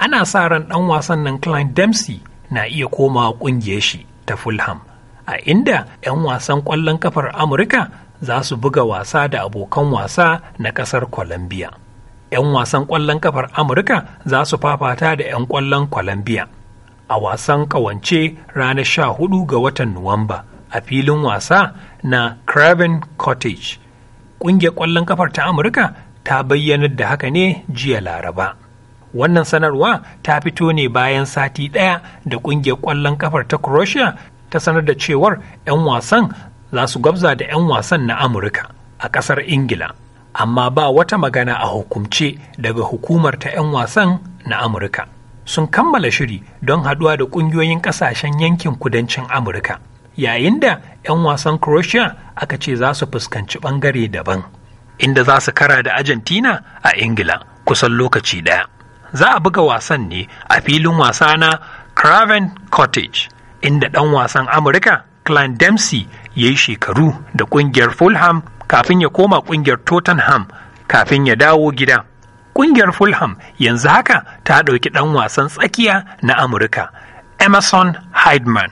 ana sa ran ɗan wasan nan Klein Dempsey na iya komawa ƙungiyar shi ta Fulham a inda 'yan wasan ƙwallon kafar Amurka za su buga wasa da abokan wasa na ƙasar Colombia. 'Yan wasan ƙwallon kafar Amurka za su fafata da 'yan ƙwallon Colombia a wasan ƙawance ranar sha-hudu ga watan Nuwamba a filin wasa na Craven Cottage. Ƙungiyar ƙwallon kafar ta Amurka ta bayyanar da haka ne jiya Laraba. wannan sanarwa ta fito ne bayan sati ɗaya da ƙungiyar ƙwallon ƙafar ta croatia ta sanar da cewar 'yan wasan za su gwabza da 'yan wasan na amurka a ƙasar ingila amma ba wata magana a hukumce daga hukumar ta 'yan wasan na amurka sun kammala shiri don haɗuwa da ƙungiyoyin ƙasashen yankin kudancin amurka yayin da 'yan wasan croatia aka ce za su fuskanci ɓangare daban inda za su kara da argentina a ingila kusan lokaci ɗaya. za a buga wasan ne a filin wasa na craven cottage inda ɗan wasan amurka Clan Dempsey ya yi shekaru da ƙungiyar Fulham kafin ya koma ƙungiyar Tottenham kafin ya dawo gida. Ƙungiyar Fulham yanzu haka ta ɗauki ɗan wasan tsakiya na Amurka, Emerson Heidman,